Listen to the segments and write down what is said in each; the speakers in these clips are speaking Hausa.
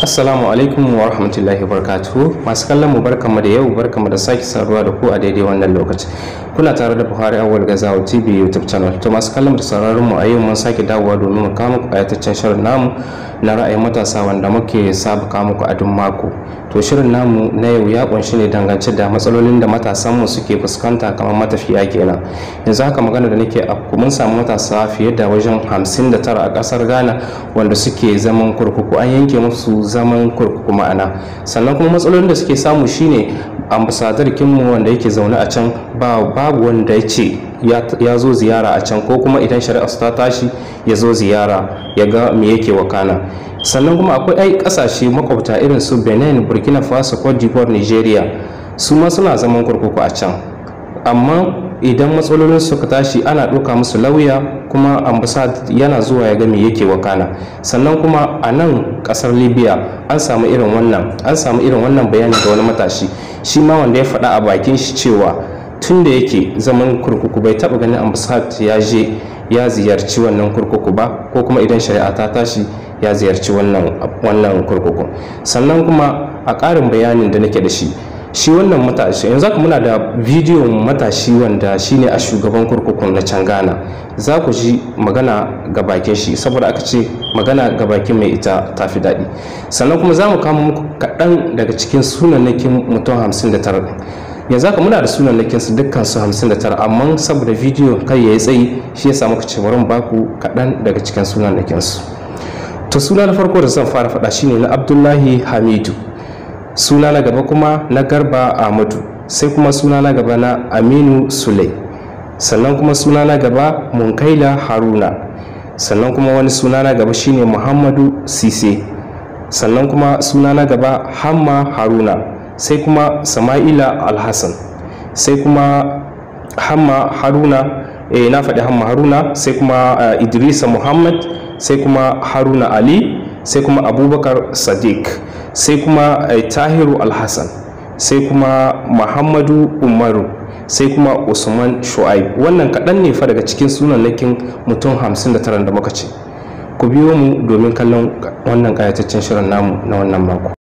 Assalamu alaikum wa rahmatullahi barkatu masu kallon mu barkamu da yau barkanmu da sake saruwa da ku a daidai wannan lokaci kuna tare da buhari awal gazawa tv youtube channel to masu kallon da sauraron mu a yau mun sake dawowa domin mu kama a ayataccen shirin namu na ra'ayin matasa wanda muke sabu kama ku a duk mako to shirin namu na yau ya kunshi ne dangance da matsalolin da matasan mu suke fuskanta kamar matafiya kenan yanzu haka magana da nake a mun samu matasa fiye da wajen 59 a kasar Ghana wanda suke zaman kurkuku an yanke musu zaman kurkuku ma'ana sannan kuma matsalolin da suke samu shine ambasadar kinmu wanda yake zaune a can ba babu wanda ya ce ya zo ziyara a can ko kuma idan shari'a ta tashi ya zo ziyara ya ga me yake wakana sannan kuma akwai ai kasashe makwabta irin su benin burkina faso cote d'ivoire nigeria su ma suna zaman kurkuku a can amma idan matsalolin suka tashi ana ɗauka musu lauya kuma ambasad yana zuwa ya ga me yake wakana sannan kuma a nan ƙasar libya an samu irin wannan an samu bayani ga wani matashi shi ma wanda ya faɗa a bakin shi cewa tun da yake zaman kurkuku bai taba ganin ambasad ya je ya ziyarci wannan kurkuku ba ko kuma idan shari'a ta tashi ya ziyarci wannan kurkuku sannan kuma a ƙarin bayanin da nake da shi shi wannan matashi yanzu ka muna da bidiyo matashi wanda shine a shugaban kurkuku na can ghana za ku ji magana ga bakin shi saboda aka ce magana ga bakin mai ita ta fi daɗi sannan kuma za mu kama muku kaɗan daga cikin sunanakin mutum hamsin da tara. yanzu haka muna da sunannakin su dukkan su 59 amma saboda bidiyo kai yi tsayi shi ya muka ce bari baku kaɗan daga cikin sunannakin su to suna na farko da zan fara faɗa shine na Abdullahi Hamidu suna na gaba kuma na Garba Ahmadu sai kuma suna na gaba na Aminu Sulai sannan kuma suna na gaba Munkaila Haruna sannan kuma wani suna na gaba shine Muhammadu Sise sannan kuma suna na gaba Hamma Haruna sai kuma sama'ila alhassan sai kuma hamma haruna eh, na faɗi hamma haruna sai kuma uh, idrisa muhammad sai kuma haruna ali sai kuma abubakar sadiq sai kuma eh, tahiru alhassan sai kuma muhammadu umaru sai kuma usman shu'aib wannan kaɗan ne fa daga cikin sunan lakin mutum 59 da muka ce ku biyo mu domin kallon wannan ƙayataccen shirin namu na wannan mako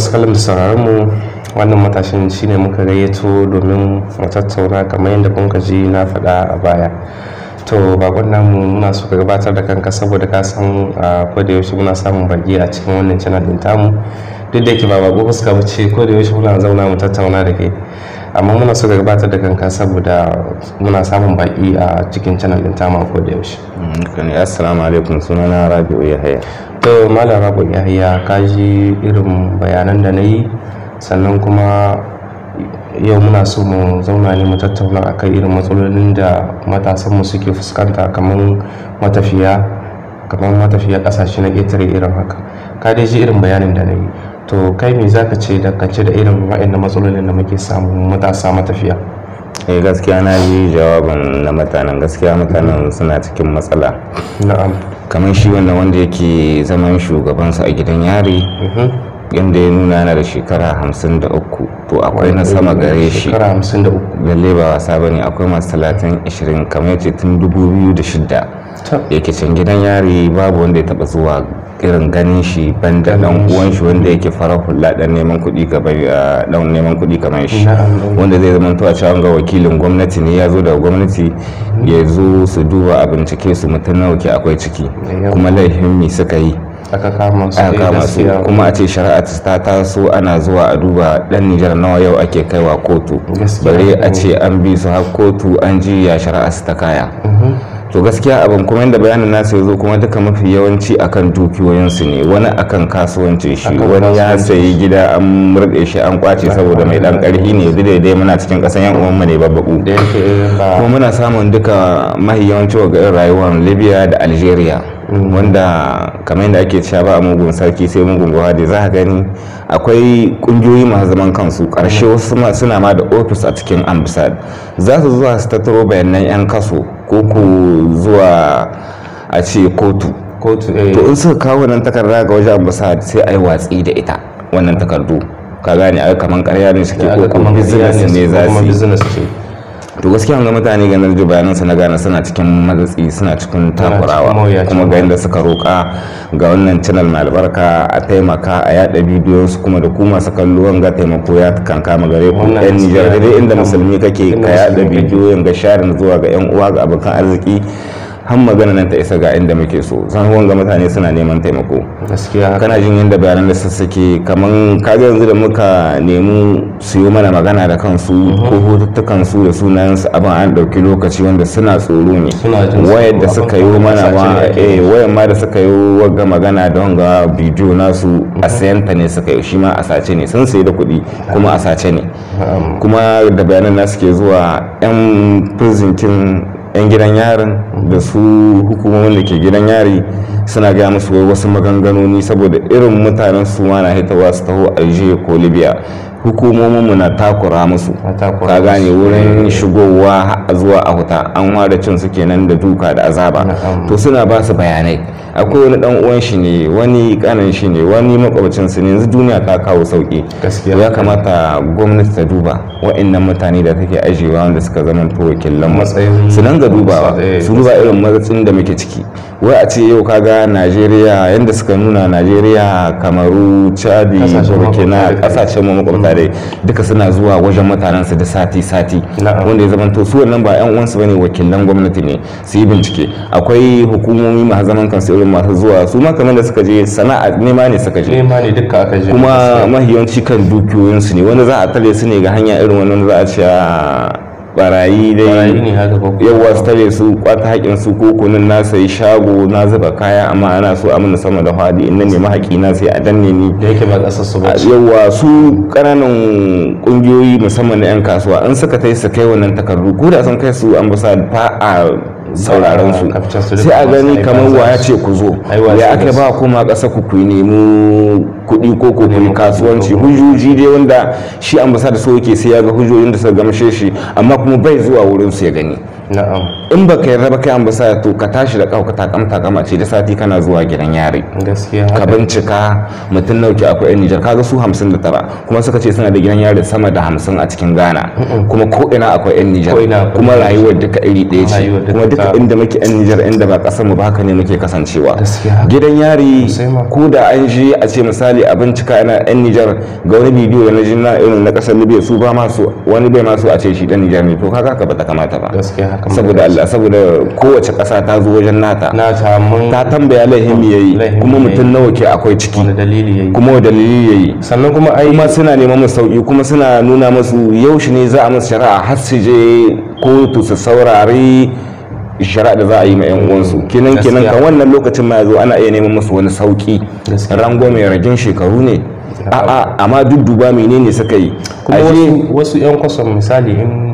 masu da sauraron mu wannan matashin shine muka gayyato domin mu tattauna kamar yadda kun ji na faɗa a baya to bakon namu muna so ka gabatar da kanka saboda ka san ko da yaushe muna samun baki a cikin wannan channel din tamu duk da yake ba bako fuska ba ce ko da yaushe muna zauna mu tattauna da kai amma muna so ka gabatar da kanka saboda muna samun baki a cikin channel din tamu ko da yaushe mm, assalamu alaikum sunana rabi'u yahaya to Malama rabin yahaya ka ji irin bayanan da na yi sannan kuma yau muna so mu zauna ne mu tattauna a kan irin matsalolin da matasanmu suke fuskanta kamar matafiya kamar matafiya kasashe na ƙetare irin haka ka dai ji irin bayanin da na yi to kai me za ka ce dangance da irin wa'in matsalolin da muke samu matasa matafiya eh gaskiya na ji jawabin na mutanen gaskiya mutanen suna cikin matsala na'am kamar shi wannan wanda yake zaman shugabansa a gidan yari inda mhm. ya nuna yana da shekara hamsin da uku to akwai na sama gare shi da lalle ba wasa akwai masu talatin ashirin kamar yace tun dubu biyu da shidda yake can gidan yari babu wanda ya taba zuwa irin ganin shi banda dan uwan shi wanda yake fara hula dan neman kuɗi kamar dan neman kuɗi kamar shi wanda zai zama to a cewa ga wakilin gwamnati ne ya zo daga gwamnati ya zo su duba a bincike su mutum nawa ke akwai ciki kuma laifin me suka yi aka kama su eh, kuma a ce shari'a ta taso ana zuwa a duba dan Nijar nawa yau ake kaiwa kotu bare a ce an bi su har kotu an ji ya shari'a ta kaya mm. to gaskiya abin kuma yadda bayanin nasu ya zo kuma duka mafi yawanci akan dukiyoyinsu ne wani akan kasuwanci shi wani ya sayi gida an murɗe shi an kwace saboda mai ɗan ƙarfi ne duk daidai muna cikin ƙasan yan uwanmu ne babbaku eh, kuma muna samun duka mahi yawanci wa garin rayuwar libya da algeria mm. wanda kamar yadda ake cewa ba a mugun sarki sai mugun da za a gani akwai kungiyoyi masu zaman kansu karshe mm. wasu suna ma da ofis a cikin ambasad za su zuwa su tattaro bayanan yan kaso ko ku zuwa a ce kotu eh. to in suka kawo nan takarda ga wajen ambasada sai a yi watsi da ita wannan takardu ka gane ai kaman karya ne suke ko kuma business ne za su yi to gaskiya mun ga mutane ga nan bayanan su na gana suna cikin matsatsi suna cikin takurawa kuma ga yadda suka roka ga wannan channel mai albarka a taimaka a yada bidiyon su kuma da ku masu kallo wanga taimako ya kankama gare ku yan Nijar da inda musulmi kake ka yada bidiyon ga sharin zuwa ga yan uwa ga abokan arziki har magana nan ta isa ga inda muke so san wanga mutane suna neman taimako gaskiya kana jin yadda bayanan da sassake kaman kaga yanzu da muka nemi su yi mana magana da kansu mhm. ko hututtukan su da sunayen su abin an dauki lokaci wanda suna tsoro ne wayar da suka yi mana ma eh wayar ma da suka yi wagga magana da wanga bidiyo nasu a mhm. sayanta ne suka yi shi ma a sace ne sun sayi da kuɗi kuma a sace ne kuma da bayanan nasu suke zuwa yan prison 'yan gidan yarin da su hukumomin da ke gidan yari suna gaya musu wasu maganganoni saboda irin mutanen su ma na hitawa su taho algeria ko libya hukumominmu na takura musu ka gane wurin shigowa zuwa a huta an ware cin su kenan da duka da azaba to suna ba su bayanai akwai wani dan uwan shi ne wani kanan shi ne wani makwabcin su ne yanzu duniya ta kawo sauki ya kamata gwamnati ta duba wa'annan mutane da take ajiyewa wanda suka zama to wakilan matsayin su nan ga dubawa su duba irin matsin da muke ciki wai a ce yau kaga Najeriya yanda suka nuna Najeriya kamaru Chadi Burkina kasashen mu makwabta tare duka suna zuwa wajen mutanensu da sati-sati wanda ya zamanto su wannan ba 'yan uwansu bane wakilan gwamnati ne su yi bincike akwai hukumomi masu zaman kansu irin masu zuwa su ma kamar da suka je sana'a nema ne suka je nema ne duka aka je kuma mahiyanci kan dukiyoyinsu ne wanda za a tare su ne ga hanya irin wannan za a ce ah, barayi dai yawa su tare su kwata haƙin su ko kunun na sai shago na zuba kaya amma ana so amina sama da haɗi inda ne mahaƙi na sai a danne ni yawa su ƙananan ƙungiyoyi musamman na 'yan kasuwa an suka ta kai wannan takardu ko da sun kai su an ba a sauraron su sai a gani kamar wa ya ce ku zo ya aka ba kuma ƙasa ku ku nemi kuɗi ko ku yi kasuwanci hujjoji dai wanda shi ambasada so yake sai ya ga hujjojin da suka gamshe shi amma kuma bai zuwa wurin su ya gani na'am in ba ka yarda ba kai sa to ka tashi da kawo ka kama ce da sati kana zuwa gidan yare ka bincika mutum nauki akwai yan nijar kaga su 59 kuma suka ce suna da gidan yare sama da 50 a cikin ghana kuma ko ina akwai yan nijar kuma rayuwar duka iri daya ce kuma duka inda muke yan nijar inda ba kasar mu ba haka ne muke kasancewa gidan yari ko da an je a ce misali a bincika ina yan nijar ga wani bidiyo da na ji na irin na kasar libya su ba masu wani bai masu a ce shi dan nijar ne to kaga ka ba ta kamata ba saboda Allah matsala saboda kowace ƙasa ta zo wajen nata ta tambaya laihimi ya yi kuma mutum nawa ke akwai ciki kuma dalili ya yi sannan kuma ai kuma suna neman musu sauki kuma suna nuna musu yaushe ne za a musu shari'a har su je kotu su saurari shari'a da za a yi ma 'yan uwansu kenan kenan ka wannan lokacin ma yazo ana iya neman musu wani sauki rango mai ragin shekaru ne a'a amma duk duba menene suka yi kuma wasu 'yan kwasan misali in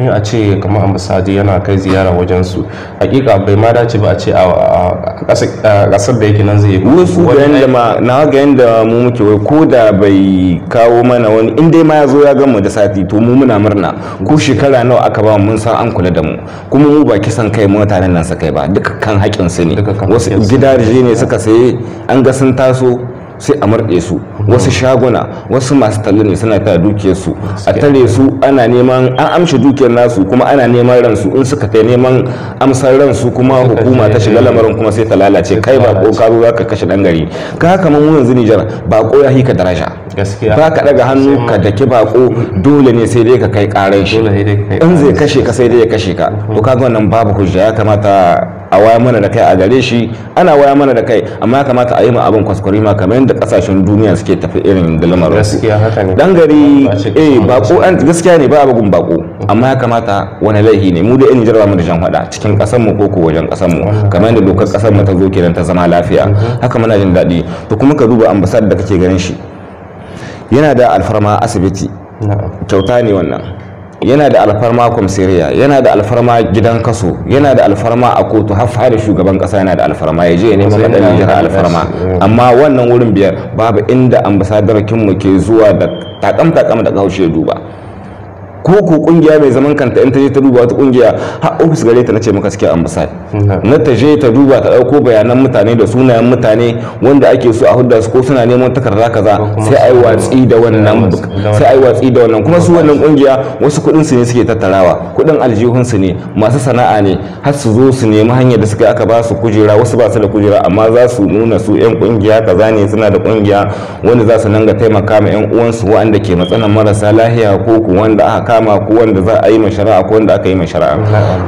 in a ce kamar ambasadi yana kai ziyara wajen su hakika bai ma dace ba a ce a kasar da yake nan zai yi wasu ga yanda ma na ga yadda mu muke wai ko da bai kawo mana wani in dai ma ya zo ya gan mu da sati to mu muna murna ko shekara nawa aka ba mun san an kula da mu kuma mu ba san kai mutanen nan sakai ba duka kan haƙƙin su ne wasu gidaje ne suka sai an ga sun taso sai a murɗe su wasu shaguna wasu masu tallin suna ta dukiyar su a tare su ana neman an amshi dukiyar nasu kuma ana neman ransu in suka kai neman amsar ransu kuma hukuma ta shiga lamarin kuma sai ta lalace kai ba ko karo zaka kashe dan gari ka kamar mu yanzu Nijar ba ko ya hika daraja ba ka daga hannu ka daki bako dole ne sai dai ka kai karan shi in zai kashe ka sai dai ya kashe ka to kaga wannan babu hujja ya kamata a waya mana da kai a gare shi ana waya mana da kai amma ya kamata a yi ma abin kwaskwari ma kamar yadda kasashen duniya suke tafi irin da lamarin gaskiya dan gari eh bako an gaskiya ne ba bugun bako amma ya kamata wani laihi ne mu da yan jarba mu da jan hada cikin kasar mu ko wajen kasar mu kamar yadda dokar kasar mu ta zo kiran ta zama lafiya haka muna jin daɗi to kuma ka duba ambasad da kake ganin shi yana da alfarma asibiti kyauta ne wannan yana da alfarma komsiriya yana da alfarma gidan kaso yana da alfarma a kotu har da shugaban kasa yana da alfarma ya je ya neman madalin jira alfarma eh. amma wannan wurin biyar babu inda ambasadar kinmu ke zuwa da takam takam da kaushe duba ko ko kungiya mai zaman kanta in ta je ta duba wata kungiya har ofis gare ta nace maka suke ambassade mm-hmm. na ta je ta duba ta dauko bayanan mutane da sunayen mutane wanda ake so a hudda su ko suna neman takarda kaza sai ai watsi da wannan sai ai watsi da wannan kuma su wannan kungiya wasu kudin su ne suke tattarawa kudin aljihun su ne masu sana'a ne har su zo su nemi hanyar da suka aka ba su kujera wasu ba su da kujera amma za su nuna su yan kungiya kaza ne suna da kungiya wanda za su nanga taimaka ma yan uwansu waɗanda ke matsalan marasa lahiya ko ku wanda aka kama ko wanda za a yi ma shari'a ko wanda aka yi ma shari'a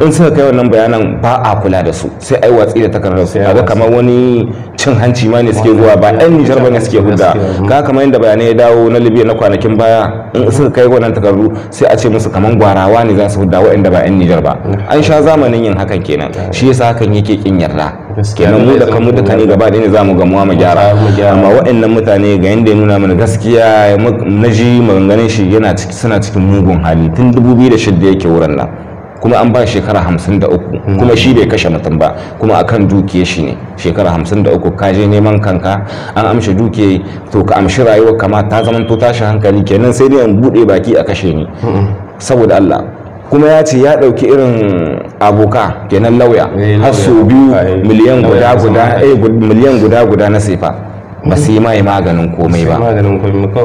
in suka kai wannan bayanan ba a kula da su sai ai watsi da takardar su kaga kamar wani cin hanci ma ne suke zuwa ba ɗan nijar bane suke hudda ka kamar yadda bayanai ya dawo na libya na kwanakin baya in suka kai wannan takardu sai a ce musu kamar gwarawa ne za su hudda waɗanda ba ɗan nijar ba an sha zamanin yin hakan kenan shi yasa hakan yake kin yarda gaskiya mu da kanmu duka ne gaba ɗaya ne zamu gamuwa mu gyara amma waɗannan mutane ga yanda ya nuna mana gaskiya na ji maganganun shi yana suna cikin mugun hali tun 2006 yake wurin nan kuma an ba shekara hamsin hmm. kuma shi bai kashe mutum ba kuma akan dukiya shi ne shekara hamsin da uku neman kanka an amshi dukiya to ka amshi rayuwar kama ta zamanto to tashi hankali kenan sai dai an bude baki a kashe ni hmm. saboda Allah kuma ya ce ya ɗauki irin abuka kenan lauya eh, har su biyu miliyan guda guda eh, miliyan guda guda na sefa ba su yi mai maganin komai ba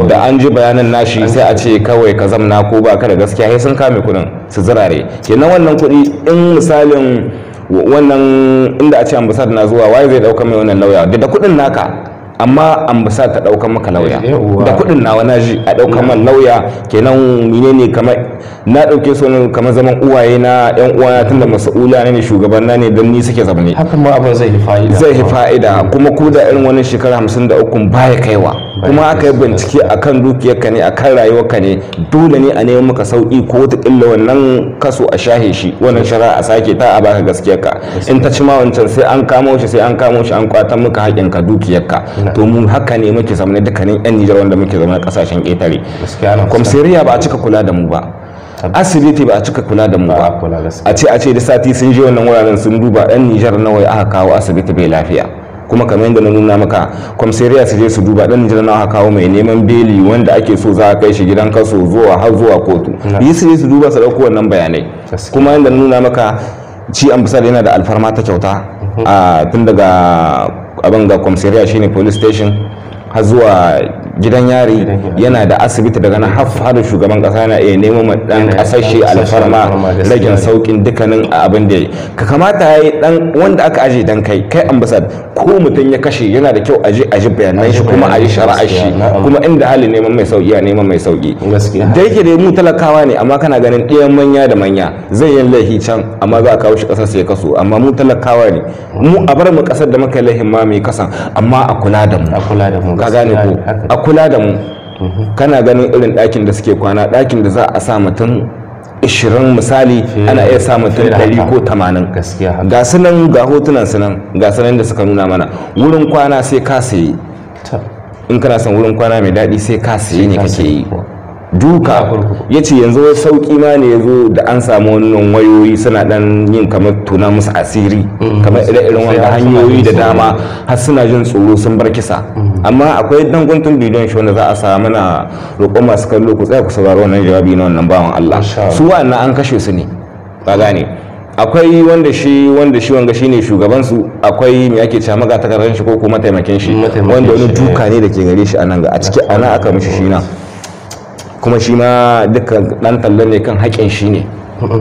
da an ji bayanan nashi sai a ce kawai ka zamna ko ba ka da gaskiya sai sun kame kuɗin su zirare kenan wannan kuɗi in misalin wannan inda a ce ambasad na zuwa waye zai ɗauka mai wannan lauya da kuɗin naka amma ambasad ta ɗauka maka lauya eh, da kuɗin nawa na a ɗauka man lauya kenan menene kamar na ɗauke su ne kamar zaman uwaye na yan uwana tun da masu'ula ne shugaban na ne don ni suke zaune. hakan ma abin zai fa'ida zai fa'ida kuma ko da irin wani shekara hamsin da uku baya kaiwa kuma aka yi bincike akan dukiyarka ne akan ka ne dole ne a nemi maka sauki ko wata wannan kaso a shahe shi wannan shari'a a sake ta a baka gaskiyarka in ta ci ma wancan sai an kamo shi sai an kamo shi an kwatan maka dukiyar dukiyarka to mu haka ne muke zama dukkanin yan nijar wanda muke zama kasashen ƙetare kwamsiriya ba a cika kula da mu ba asibiti ba a cika kula da mu ba a ce a ce da sati sun je wannan wuraren sun duba yan nijar nawa aka kawo asibiti bai lafiya kuma kamar yadda na nuna maka kwamsariya su je su duba dan nijar nawa aka kawo mai neman beli wanda ake so za a kai shi gidan kaso zuwa har zuwa kotu yi su je su duba su dauko wannan bayanai kuma yadda na nuna maka ci ambasada yana da alfarma ta kyauta mhm. tun daga abin ga kwamsariya shine police station har zuwa gidan yari yana da asibiti daga nan har shugaban kasa na iya nemo ma dan kasashe alfarma ragin saukin dukkanin abin da ka kamata yayi dan wanda aka ajiye dan kai kai ambasad ko mutum ya kashe yana da kyau aji aji bayanan shi kuma a yi shara'ar shi kuma inda halin neman mai sauki a neman mai sauki da yake da mu talakawa ne amma kana ganin ɗiyan manya da manya zai yi laifi can amma za a kawo shi ƙasar sai kaso amma mu talakawa ne mu a bar mu ƙasar da muka laifin ma mai kasan amma da mu a kula da mu ka gane ko a kula da mu mhm. kana ganin irin ɗakin da suke kwana ɗakin da za a sa mutum shirin misali ana iya samun tun dari ko tamanin ga sunan ga hotunan sunan ga sunan da suka nuna mana wurin kwana sai ka sayi in kana san wurin kwana mai daɗi sai ka sayi ne kake yi duka ya ce yanzu wai sauƙi ma ne ya zo da an samu wannan wayoyi suna dan yin kamar tuna musu asiri mm. kamar ire irin wanda hanyoyi da dama har suna jin tsoro sun bar kisa mm. amma akwai dan guntun bidiyon shi wanda za a samu na roƙon masu kallo ku tsaya ku saurari wannan jawabi na wannan bawan Allah su wa'annan an kashe su ne ba gane akwai wanda shi wanda shi wanga shine shugaban su akwai me ake cewa maga takarar shi ko kuma taimakin shi wanda wani duka eh. ne da ke gare shi anan ga a ciki ana aka mishi shi na kuma shi ma dukkan dan talla ne kan haƙin shi ne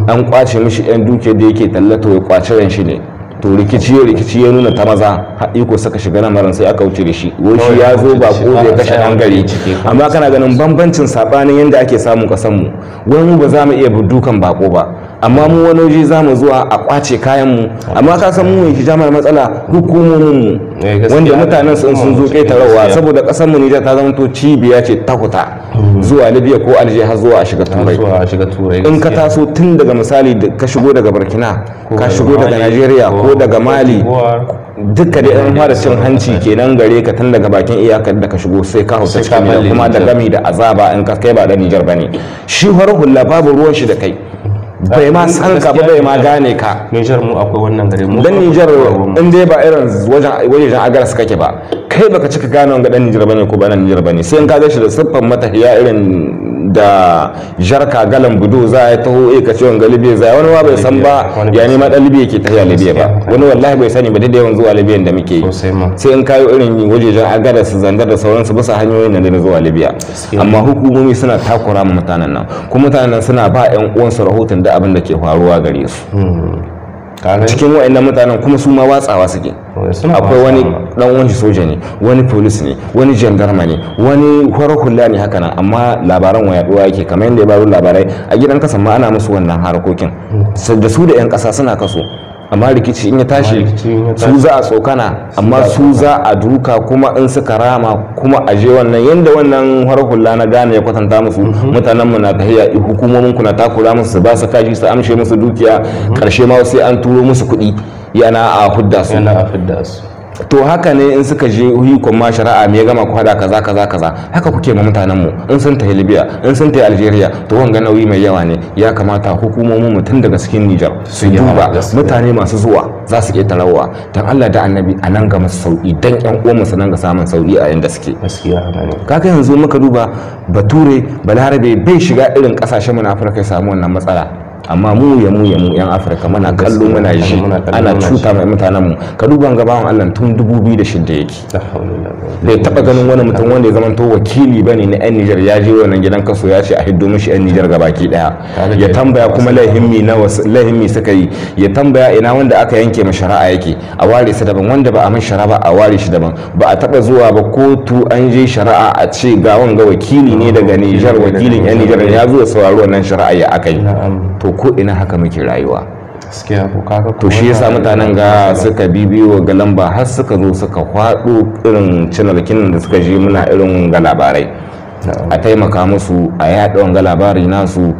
an kwace mishi yan duke da yake talla to ya kwace ran shi ne to rikici ya rikici ya nuna ta maza haɗi ko saka shiga maran sai aka wuce da shi wai shi ya zo ba ko ya kashe an gari amma kana ganin bambancin sabanin yanda ake samun kasan mu wani ba za mu iya dukan bako ba amma mu wani waje za mu zuwa a kwace kayan mu amma ka san mu mai shi jamar matsala hukumomin mu eh, wanda mutanen sun sun zo oh, kai tarawa saboda kasar mu Nijar ta zama to cibiya ce ta kuta hmm. zuwa Libya ko Algeria har zuwa a shiga Turai in ka taso tun daga misali ka shigo daga Burkina ka shigo daga Nigeria ko daga Mali duka da yan fara cin hanci kenan gare ka tun daga bakin iyakar da ka shigo sai ka hausa cikin kuma da gami da azaba in ka kai ba da Nijar bane shi farar hula babu ruwan shi da kai bai ma san ka ba bai ma gane ka Niger mu akwai wannan gare mu dan Niger in dai ba irin wajen wajen agaras kake ba kai baka cika gane wanga dan Niger bane ko ba nan Niger bane sai in ka ga shi da siffan matahiya irin da jarka galan budo za a taho eh ka ciwon galibi za wani ma bai san ba ya nema dalibi dan ke libya ba wani wallahi bai sani ba da yawan zuwa libya da muke yi sai in kayo irin wajejen agada su zandar da su bisa hanyoyin da na zuwa libya amma hukumomi suna takura mutanen nan kuma mutanen nan suna ba yan uwansu rahoton da abin da ke faruwa gare su hmm. cikin wa'annan mutanen kuma su ma watsawa suke akwai wani dan wani soja ne wani polis ne wani jandarma ne wani kwarar hula ne haka nan amma labaran wa yaduwa yake kamar yadda ya baro labarai a gidan kasan ma ana musu wannan harkokin hmm. da su da yan kasa suna kaso amma rikici in ya tashi su za a tsokana amma su za a duka kuma in suka rama kuma a je wannan yadda wannan warhula na gane ya kwatanta musu mhm. mutanen mu na tahiya hukumomin ku na takura musu ba su kashi su amshe musu dukiya karshe mhm. ma sai an turo musu kuɗi yana a hudda su to haka ne in suka je hukun ma shari'a me gama ku hada kaza kaza kaza haka kuke ma mutanen mu in sun tafi Libya in sun tafi Algeria to wanga nauyi mai yawa ne ya kamata hukumomin mu tun daga cikin Niger su duba mutane masu zuwa za su iya tarawa dan Allah da Annabi a nan ga masu sauki dan ƴan uwan mu nan ga samun sauki a inda suke kaga yanzu muka duba bature balarabe bai shiga irin kasashen mu na Afirka ya samu wannan matsala amma mu ya mu ya mu yan afirka mana kallo mana shi ana cuta mai mutanen mu ka duba ga bawan Allah tun 2006 yake bai taba ganin wani mutum wanda ya zamanto wakili bane na yan Niger ya je wannan gidan kaso ya ce a hiddo mishi yan Niger gabaki daya ya tambaya kuma lahimmi na lahimmi suka yi ya tambaya ina wanda aka yanke ma shari'a yake a ware su daban wanda ba a min shari'a a ware shi daban ba a taba zuwa ba kotu an je shari'a a ce ga wanga wakili ne daga nijar wakilin yan Niger ya zo sauraro wannan shari'a ya akai to ko ina haka muke rayuwa to shi yasa mutanen ga suka bibiyo ga lamba har suka zo suka kwado irin cinalkin da suka je muna irin ga labarai a taimaka musu a yaɗa wanga labarai nasu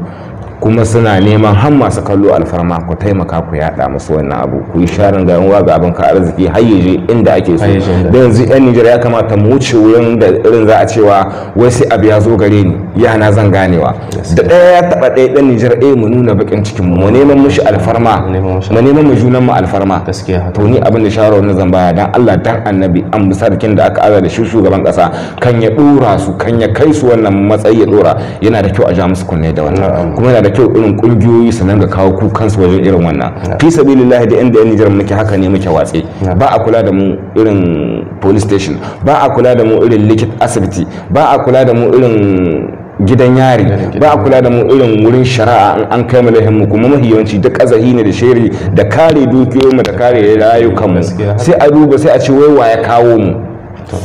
kuma suna neman har masu kallo alfarma ku taimaka ku yaɗa musu wannan abu ku yi sharin ga yanwa ga abin ka arziki har yaje inda ake so da yanzu yan nijar ya kamata mu wuce wurin da irin za a cewa wai sai abu ya zo gare ni yana zan ganewa da ɗaya ya taɓa ɗaya ɗan nijar a eh, mu nuna bakin cikin mu neman mushi alfarma mu neman mu junan mu alfarma to ni abin da shawara wannan zan baya dan Allah dan annabi an bi sarkin da aka aza da shi shugaban kasa kan ya dora su kan ya kai su wannan matsayi ya dora yana da kyau a ja musu kunne da wannan kuma yana da kyau irin kungiyoyi su nan ga kawo ku kansu wajen irin wannan fi sabilillahi da inda nijar muke haka ne muke watse ba a kula da mu irin police station ba a kula da mu irin likit asibiti ba a kula da mu irin gidan yari ba a kula da mu irin wurin shari'a an kai mu mu kuma mahiyawanci duk azahi ne da shiri da kare dukiyoyin da kare rayukan mu sai a duba sai a ce wai wa ya kawo mu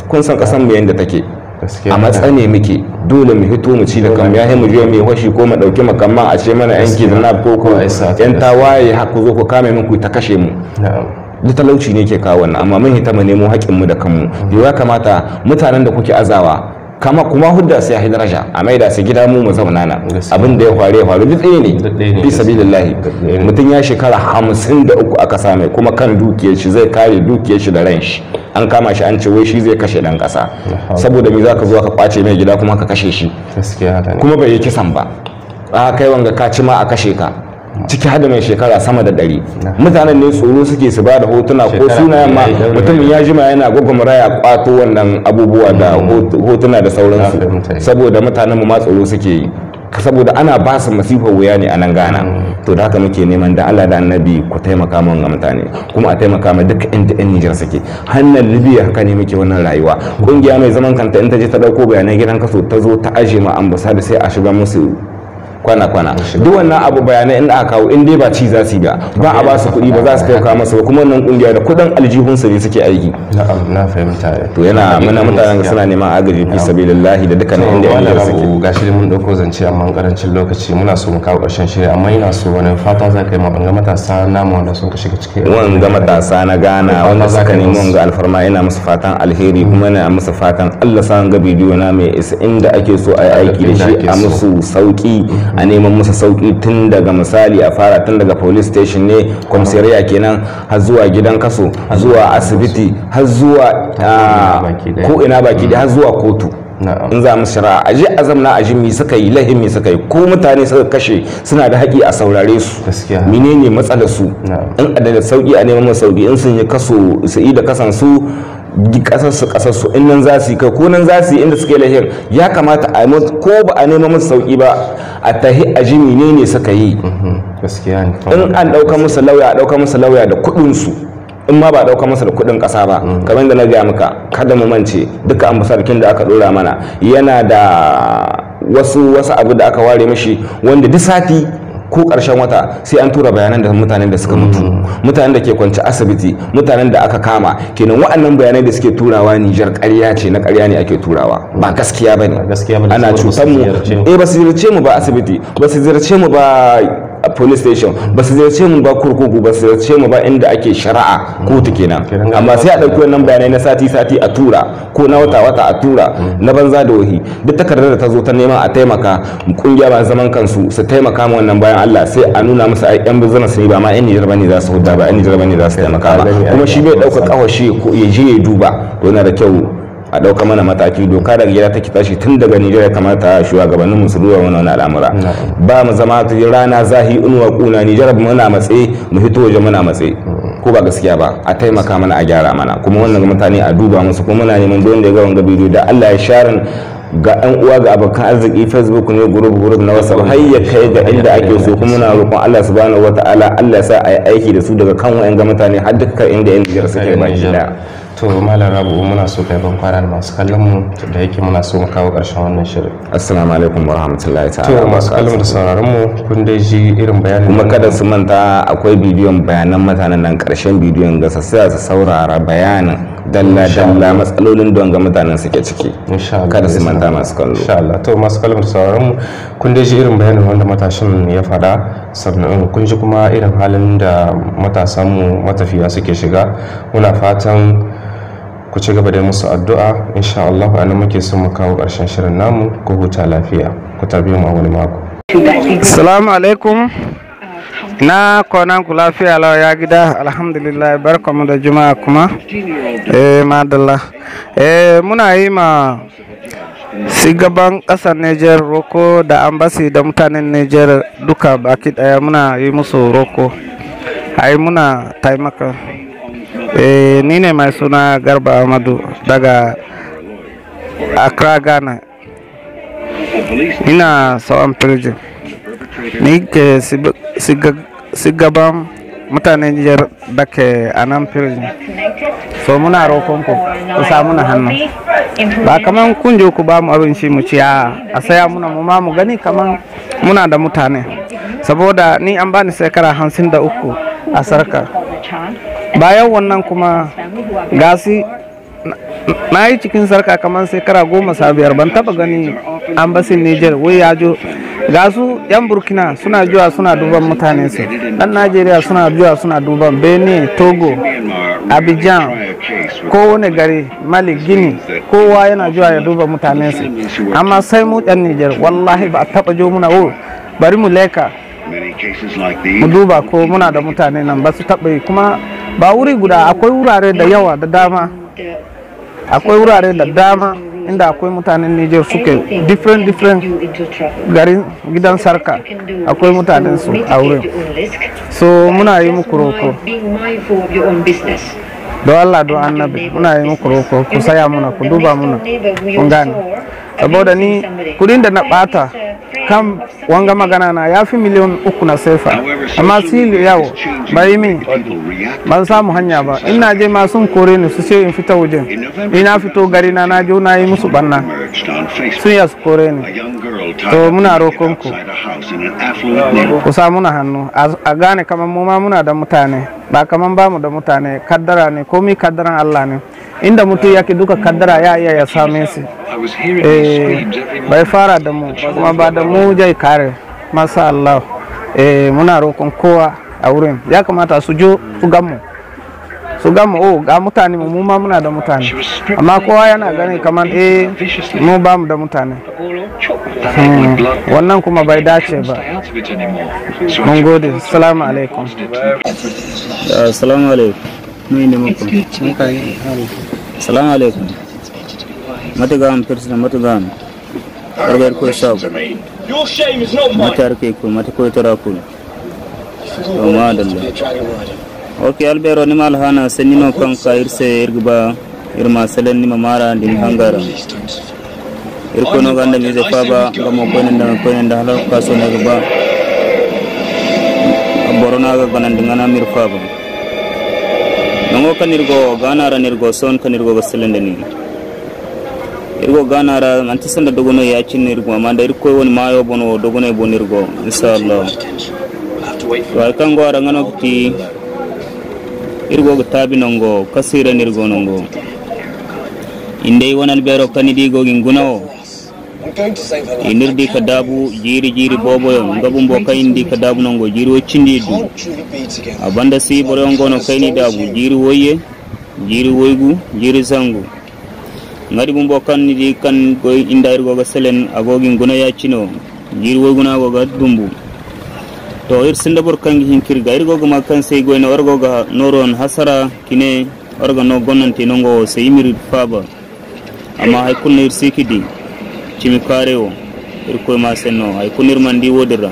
kun san kasan mu yanda take a matsane muke dole mu hito mu ci da kan ya mu je mu washi ko mu dauki makamma a ce mana yan da ko ko yan tawaye haku zo ku kame mu ku ta kashe mu da talauci ne ke kawo wannan amma mun hita mu nemo haƙƙin mu da kanmu mm. ya kamata mutanen da kuke azawa kama kuma hudda sai ya rasha a da su gida mu mu zauna na abin da ya faru ya faru duk ne fi sabilillahi mutum ya shekara hamsin da uku aka same kuma kan dukiyar shi zai kare dukiyar shi da ran shi an kama shi an ce wai shi zai kashe dan kasa saboda me zaka zo ka kwace mai gida kuma ka kashe shi kuma bai yi kisan ba a kai wanga ka ci ma a kashe ka ciki hada mai shekara sama da ɗari mutanen ne tsoro suke su ba da hotuna ko suna ma mutumin ya jima yana gwagwamara ya kwato wannan abubuwa da hmm. hotuna da sauransu saboda mutanen mu ma tsoro suke yi saboda ana ba su masifar wuya ne a nan gana hmm. to da haka muke neman da Allah da annabi ku taimaka min ga mutane kuma a taimaka duka inda yan Nijar suke hannan Libya haka ne muke wannan rayuwa kungiya mai zaman kanta in ta je ta dauko bayanan gidan kaso ta zo ta aje ma ambasada sai a shiga musu kwana kwana duk wannan abu bayanai inda aka kawo in dai ba ci za su yi ba ba a ba su kuɗi ba za su taimaka masa ba kuma wannan kungiya da kuɗin aljihunsu ne suke aiki na fahimta to yana muna mutanen suna neman agaji fi sabilillahi da dukkanin inda yake suke gashi mun dauko zance amma karancin lokaci muna so mu kawo ƙarshen shiri amma ina so wani fata za ka yi ma banga matasa mu wanda sun ka shiga cikin wanga matasa na gana wanda suka nemi wanga alfarma ina musu fatan alheri kuma ina musu fatan Allah sa ga bidiyo na mai isa inda ake so a yi aiki da shi a musu sauki a neman masa sauki tun daga misali a fara tun daga police station ne kwamsiriya kenan har zuwa gidan kaso zuwa asibiti har zuwa ko ah, ina baki da har zuwa kotu in za mu shari'a aje azam na aji mi suka yi lahimi suka yi ko mutane suka kashe suna da haƙi a saurare su menene matsalar su in adada sauki a neman sauki in sun yi kaso su da kasan su kasar su kasar in nan za su yi kai ko nan za su yi inda suke lahir ya kamata a ko ba a nema musu sauki ba a tahi a ji ne suka yi mhm. in an dauka musu lauya a dauka musu lauya da kudinsu in ma ba dauka musu da kudin kasa ba mhm. kamar yadda na gaya maka kada mu mance duka ambasadakin da aka dora mana yana da wasu wasu abu da aka ware mashi wanda duk sati ko ƙarshen wata sai an tura bayanan da mutanen da suka mm. mutu mutanen da ke kwanci asibiti mutanen da aka kama kenan waɗannan bayanai da suke turawa Nijar ƙarya ce na ƙarya ne ake turawa ba gaskiya bane ana cutar mu eh ba su zirce mu ba asibiti ba su zirce mu ba a police station ba su ziyarce mu ba kurkuku ba su ziyarce mu ba inda ake shari'a kotu kenan amma sai a ɗauki wannan bayanai na sati sati a tura ko na wata wata a tura mm. na banza da wahi duk takardar da ta zo ta nema a taimaka kungiya ba zaman kansu su taimaka ma wannan bayan Allah sai a nuna musu a yan business ne ba ma yan Nijar bane za su hudda ba yan Nijar za su taimaka ba kuma shi bai ɗauka kawashi ko ya je ya duba to yana da kyau a ɗauka mana mataki doka da gida take tashi tun daga nijar ya kamata shugabannin su ruwa wani al'amura ba mu zama rana zahi inuwa kuna nijar muna matse mu fito waje muna matse ko ba gaskiya ba a taimaka mana a gyara mana kuma wannan mutane a duba musu kuma muna neman don da ya ga gabi da Allah ya sharin ga ɗan uwa ga abokan arziki facebook ne group group na whatsapp har ya kai da inda ake so kuma na roƙon Allah subhanahu ala Allah ya sa a yi aiki da su daga kan wayan ga mutane har inda yan jira suke ba to malam rabu muna so kai ban fara da masu kallon mu da yake muna so mu kawo ƙarshen wannan shirin assalamu alaikum wa rahmatullahi ta'ala to masu kallon mu da sauraron mu kun dai ji irin bayanin kuma kada su manta akwai bidiyon bayanan mutanen nan ƙarshen bidiyon ga su sa su saurara bayanin dalla dalla matsalolin don ga mutanen suke ciki kada su manta masu kallo insha Allah to masu kallon da sauraron mu kun dai ji irin bayanin wanda matashin ya fada sannan kun ji kuma irin halin da matasan mu matafiya suke shiga muna fatan ku ci gaba da musu addu'a insha Allah a nan muke son mu kawo ƙarshen shirin namu ku huta lafiya ku tarbi mu a wani mako assalamu alaikum na konan ku lafiya lau ya gida alhamdulillah barkamu da juma'a kuma eh madalla eh muna yi ma shugaban ƙasar Niger, roko da ambasi da mutanen Niger duka baki daya muna yi musu roko ai muna taimaka eh ni ne mai suna garba amadu daga accra ghana ina sawan firji. ni ke sigaban mutanen jiyar da ke a nan so muna roƙonku ku samu na hannu ba kaman kun je ku ba mu abinci mu ci a saya muna mu ma mu gani kaman muna da mutane saboda ni an bani shekara hamsin da uku a sarka bayan wannan kuma gasi na yi cikin sarka kamar shekara goma sa biyar ban taba gani ambasin nijar wai ya jo ga yan burkina suna zuwa suna duban mutane su dan najeriya suna zuwa suna duban benin togo abidjan kowane gari mali gini kowa yana zuwa ya duba mutane su amma sai mu yan nijar wallahi ba taba jo muna wo oh, bari mu leka mu duba ko muna da mutane nan ba su taba yi kuma ba wuri guda akwai wurare da yawa da dama akwai wurare da dama inda akwai mutanen Niger suke different different garin gidan sarka akwai mutanen su a wurin so muna yi muku roko don Allah don annabi muna yi muku roko ku saya muna ku duba muna kun gane saboda ni kudin da na bata kan wanga magana na ya fi miliyan uku na sefa amma sili yawo bai min ban samu hanya ba ina je masu sun kore ni su ce in fita wajen ina fito gari na na na yi musu banna sun ya su kore ni to muna rokon ku ku sa muna hannu a gane kamar mu muna da mutane ba kamar ba mu da mutane kaddara ne komi kaddaran Allah ne inda mutum yake duka kaddara ya iya ya same su eh bai fara da mu kuma ba da mu jai kare masa Allah eh muna roƙon kowa a wurin ya kamata su jo su gamu su gamu oh ga mutane mu ma muna da mutane amma kowa yana gani kamar eh mu ba mu da mutane hmm. wannan kuma bai dace ba mun gode assalamu alaikum assalamu uh, alaikum mun yi ne muku assalamu alaikum matega mperesida matagamu arigari kwesabu mate arikekul mate o to madalla ok albero nima alhana senino kanka irse irgba irma selen nima mara ndin hangara irkono ganda mise faba ngamo koynenda koynenda hala kasonegba boronaga gonandi ngana mir faba nongo kanirgo ganara nirgo son kanirgo ga selendeni irgo ganara manti sanda dogono yachin irgo amanda irko won mayo bono dogono bon irgo inshallah war kango arangano kiti irgo tabi nongo kasira nirgo nongo indei wonal bero kanidi go gingunao inirdi ka dabu jiri jiri boboyo ngabu mbo kayindi ka dabu nongo jiri woccindi du abanda si boroyo ngono kayni dabu jiri woyye jiri woygu jiri zangu ngadi bumbo kan di kan koy indayr goga selen agogin guna ya cino ngir wo guna goga dumbu to ir sinda bor kan hin kir gair goga ma kan sai goy no orgoga noron hasara kine orga no gonnan no go sai mir faba amma hay kunna ir sikidi cimi karewo ir koy ma senno hay ir mandi wodira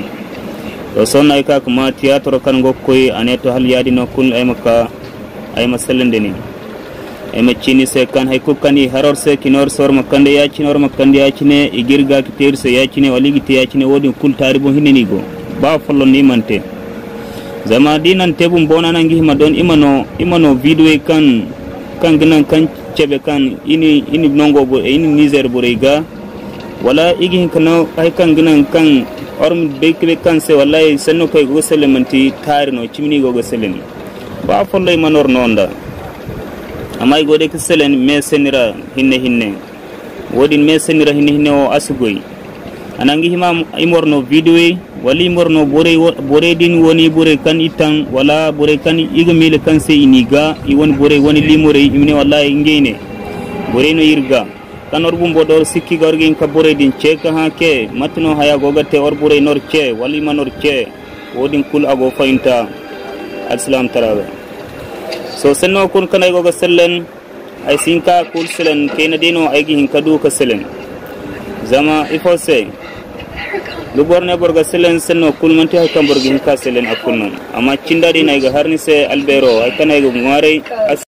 to son ay ka kuma tiyatro kan gokkoy aneto hal yadi no kun ay makka ay masallan ni emechini sekan haikukani harorse kinor sor makande yachinor makande yachine igirga kiterse yachine waligite yachine wodi kul taribu hininigo ba follo nimante zama dinan tebum bonanangi hima don imano imano vidwe kan kan ginan kan cebe kan ini ini nongo bo ini niger borega wala igi hinkano hay kan ginan kan orm bekre kan se wallahi sanno kay go selemanti tarino chimni go go selemi ba follo imanor nonda amma i gode kiselen me senira hinne hinne woɗin me senira hinne hinne o asugoy anangi hima i morno vidéoy walla i morno borey din woni borey kan ittan wala borey kan iga mile kan se ini ga i woni borey woni limorey imne wallahi ngeyne borey no yirga kan orgu mboɗor sikkiga orgin ka borey din ceka ha ke matino haya gogate or borey nor ce walla ima nor ce woɗin kul ago fayinta alislam tarawe so sannan kun kana go ai sin ka kul ke na dino ay gi ka du ka silan zama ifo se lubor ne borga silan sanno kul man ta kan borga hinka silan akunno amma cinda na ga harni se albero ai kana yago ngware as